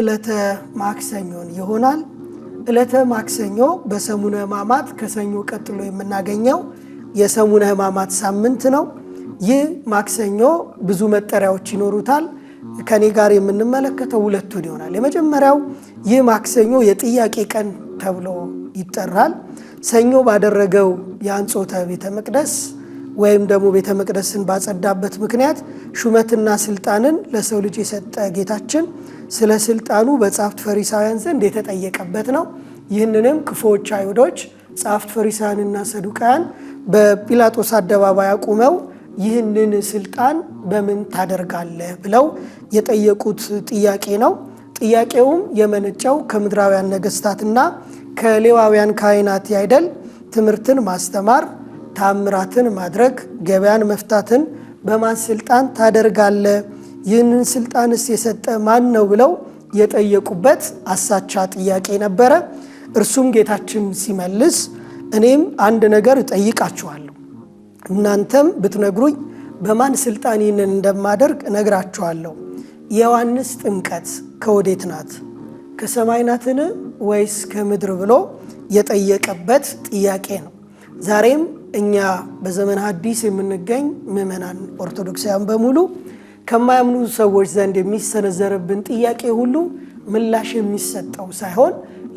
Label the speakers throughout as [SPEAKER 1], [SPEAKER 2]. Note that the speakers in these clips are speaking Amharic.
[SPEAKER 1] ዕለተ ማክሰኞን ይሆናል። ዕለተ ማክሰኞ በሰሙነ ሕማማት ከሰኞ ቀጥሎ የምናገኘው የሰሙነ ሕማማት ሳምንት ነው። ይህ ማክሰኞ ብዙ መጠሪያዎች ይኖሩታል። ከኔ ጋር የምንመለከተው ሁለቱን ይሆናል። የመጀመሪያው ይህ ማክሰኞ የጥያቄ ቀን ተብሎ ይጠራል። ሰኞ ባደረገው የአንጾተ ቤተ መቅደስ ወይም ደግሞ ቤተ መቅደስን ባጸዳበት ምክንያት ሹመትና ስልጣንን ለሰው ልጅ የሰጠ ጌታችን ስለ ስልጣኑ በጻፍት ፈሪሳውያን ዘንድ የተጠየቀበት ነው። ይህንንም ክፉዎች አይሁዶች ጻፍት ፈሪሳውያንና ሰዱቃያን በጲላጦስ አደባባይ አቁመው ይህንን ስልጣን በምን ታደርጋለህ ብለው የጠየቁት ጥያቄ ነው። ጥያቄውም የመነጨው ከምድራውያን ነገስታትና ከሌዋውያን ካህናት ያይደል ትምህርትን ማስተማር፣ ታምራትን ማድረግ፣ ገበያን መፍታትን በማን ስልጣን ታደርጋለህ ይህንን ስልጣንስ የሰጠ ማን ነው ብለው የጠየቁበት አሳቻ ጥያቄ ነበረ። እርሱም ጌታችን ሲመልስ እኔም አንድ ነገር እጠይቃችኋለሁ፣ እናንተም ብትነግሩኝ በማን ስልጣን ይህንን እንደማደርግ እነግራችኋለሁ። የዮሐንስ ጥምቀት ከወዴት ናት? ከሰማይ ናትን ወይስ ከምድር ብሎ የጠየቀበት ጥያቄ ነው። ዛሬም እኛ በዘመነ ሐዲስ የምንገኝ ምዕመናን ኦርቶዶክሳውያን በሙሉ ከማያምኑ ሰዎች ዘንድ የሚሰነዘርብን ጥያቄ ሁሉ ምላሽ የሚሰጠው ሳይሆን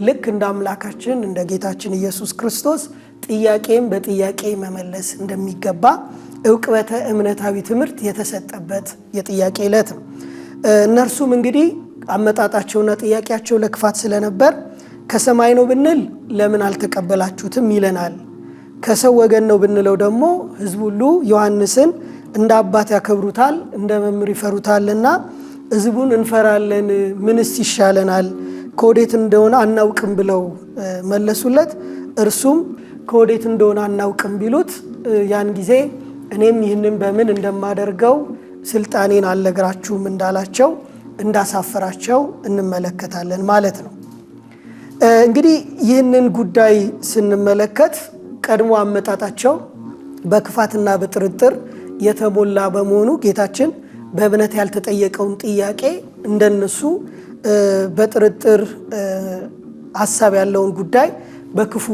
[SPEAKER 1] ልክ እንደ አምላካችን እንደ ጌታችን ኢየሱስ ክርስቶስ ጥያቄም በጥያቄ መመለስ እንደሚገባ እውቅበተ እምነታዊ ትምህርት የተሰጠበት የጥያቄ ዕለት ነው። እነርሱም እንግዲህ አመጣጣቸውና ጥያቄያቸው ለክፋት ስለነበር ከሰማይ ነው ብንል ለምን አልተቀበላችሁትም ይለናል። ከሰው ወገን ነው ብንለው ደግሞ ሕዝብ ሁሉ ዮሐንስን እንደ አባት ያከብሩታል፣ እንደ መምህር ይፈሩታልና ህዝቡን እንፈራለን፣ ምንስ ይሻለናል፣ ከወዴት እንደሆነ አናውቅም ብለው መለሱለት። እርሱም ከወዴት እንደሆነ አናውቅም ቢሉት ያን ጊዜ እኔም ይህንን በምን እንደማደርገው ስልጣኔን አልነግራችሁም እንዳላቸው እንዳሳፈራቸው እንመለከታለን ማለት ነው። እንግዲህ ይህንን ጉዳይ ስንመለከት ቀድሞ አመጣጣቸው በክፋትና በጥርጥር የተሞላ በመሆኑ ጌታችን በእምነት ያልተጠየቀውን ጥያቄ እንደነሱ በጥርጥር ሀሳብ ያለውን ጉዳይ በክፉ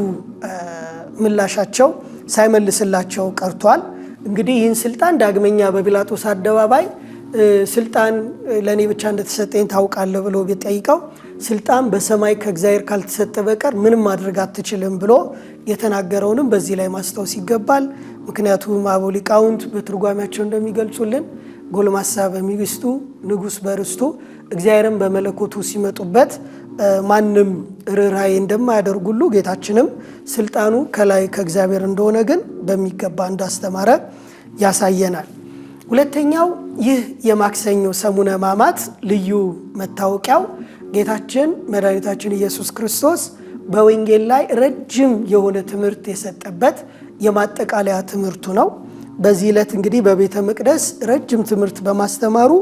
[SPEAKER 1] ምላሻቸው ሳይመልስላቸው ቀርቷል። እንግዲህ ይህን ስልጣን ዳግመኛ በጲላጦስ አደባባይ ስልጣን ለእኔ ብቻ እንደተሰጠኝ ታውቃለህ ብሎ ቢጠይቀው ስልጣን በሰማይ ከእግዚአብሔር ካልተሰጠ በቀር ምንም ማድረግ አትችልም ብሎ የተናገረውንም በዚህ ላይ ማስታወስ ይገባል። ምክንያቱም አበው ሊቃውንት በትርጓሚያቸው እንደሚገልጹልን ጎልማሳ በሚስቱ ንጉስ በርስቱ እግዚአብሔርን በመለኮቱ ሲመጡበት ማንም ርኅራኄ እንደማያደርግ ሁሉ ጌታችንም ስልጣኑ ከላይ ከእግዚአብሔር እንደሆነ ግን በሚገባ እንዳስተማረ ያሳየናል። ሁለተኛው ይህ የማክሰኞ ሰሙነ ሕማማት ልዩ መታወቂያው ጌታችን መድኃኒታችን ኢየሱስ ክርስቶስ በወንጌል ላይ ረጅም የሆነ ትምህርት የሰጠበት የማጠቃለያ ትምህርቱ ነው። በዚህ ዕለት እንግዲህ በቤተ መቅደስ ረጅም ትምህርት በማስተማሩ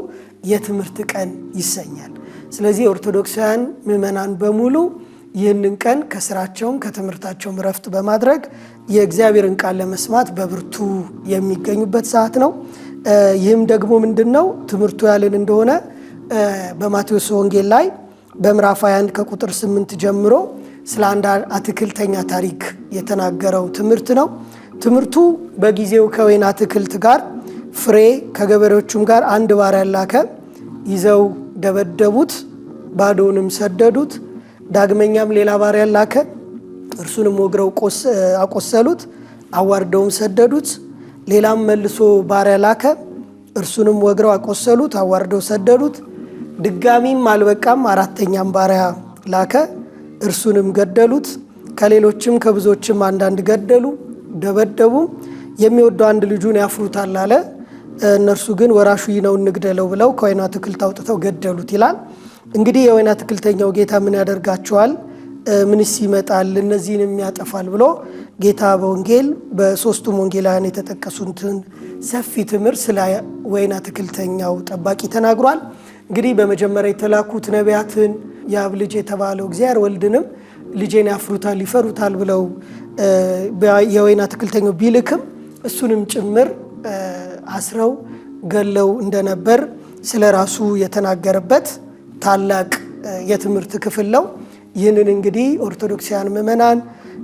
[SPEAKER 1] የትምህርት ቀን ይሰኛል። ስለዚህ የኦርቶዶክሳውያን ምዕመናን በሙሉ ይህንን ቀን ከስራቸውም ከትምህርታቸውም ረፍት በማድረግ የእግዚአብሔርን ቃል ለመስማት በብርቱ የሚገኙበት ሰዓት ነው። ይህም ደግሞ ምንድን ነው ትምህርቱ ያለን እንደሆነ በማቴዎስ ወንጌል ላይ በምዕራፍ 21 ከቁጥር 8 ጀምሮ ስለ አንድ አትክልተኛ ታሪክ የተናገረው ትምህርት ነው። ትምህርቱ በጊዜው ከወይን አትክልት ጋር ፍሬ ከገበሬዎቹም ጋር አንድ ባሪያ ላከ። ይዘው ደበደቡት፣ ባዶውንም ሰደዱት። ዳግመኛም ሌላ ባሪያ ላከ። እርሱንም ወግረው አቆሰሉት፣ አዋርደውም ሰደዱት። ሌላም መልሶ ባሪያ ላከ። እርሱንም ወግረው አቆሰሉት፣ አዋርደው ሰደዱት። ድጋሚም አልበቃም፣ አራተኛም ባሪያ ላከ። እርሱንም ገደሉት። ከሌሎችም ከብዙዎችም አንዳንድ ገደሉ፣ ደበደቡ። የሚወደው አንድ ልጁን ያፍሩታል አለ። እነርሱ ግን ወራሹ ይነው እንግደለው ብለው ከወይና አትክልት አውጥተው ገደሉት ይላል። እንግዲህ የወይን አትክልተኛው ጌታ ምን ያደርጋቸዋል? ምንስ ይመጣል? እነዚህንም ያጠፋል ብሎ ጌታ በወንጌል በሶስቱም ወንጌላውያን የተጠቀሱትን ሰፊ ትምህርት ስለ ወይን አትክልተኛው ጠባቂ ተናግሯል። እንግዲህ በመጀመሪያ የተላኩት ነቢያትን የአብ ልጅ የተባለው እግዚአብሔር ወልድንም ልጄን ያፍሩታል ይፈሩታል ብለው የወይን አትክልተኛው ቢልክም እሱንም ጭምር አስረው ገለው እንደነበር ስለ ራሱ የተናገረበት ታላቅ የትምህርት ክፍል ነው። ይህንን እንግዲህ ኦርቶዶክሳውያን ምእመናን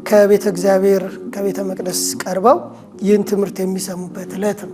[SPEAKER 1] ከቤተ እግዚአብሔር ከቤተ መቅደስ ቀርበው ይህን ትምህርት የሚሰሙበት ዕለት ነው።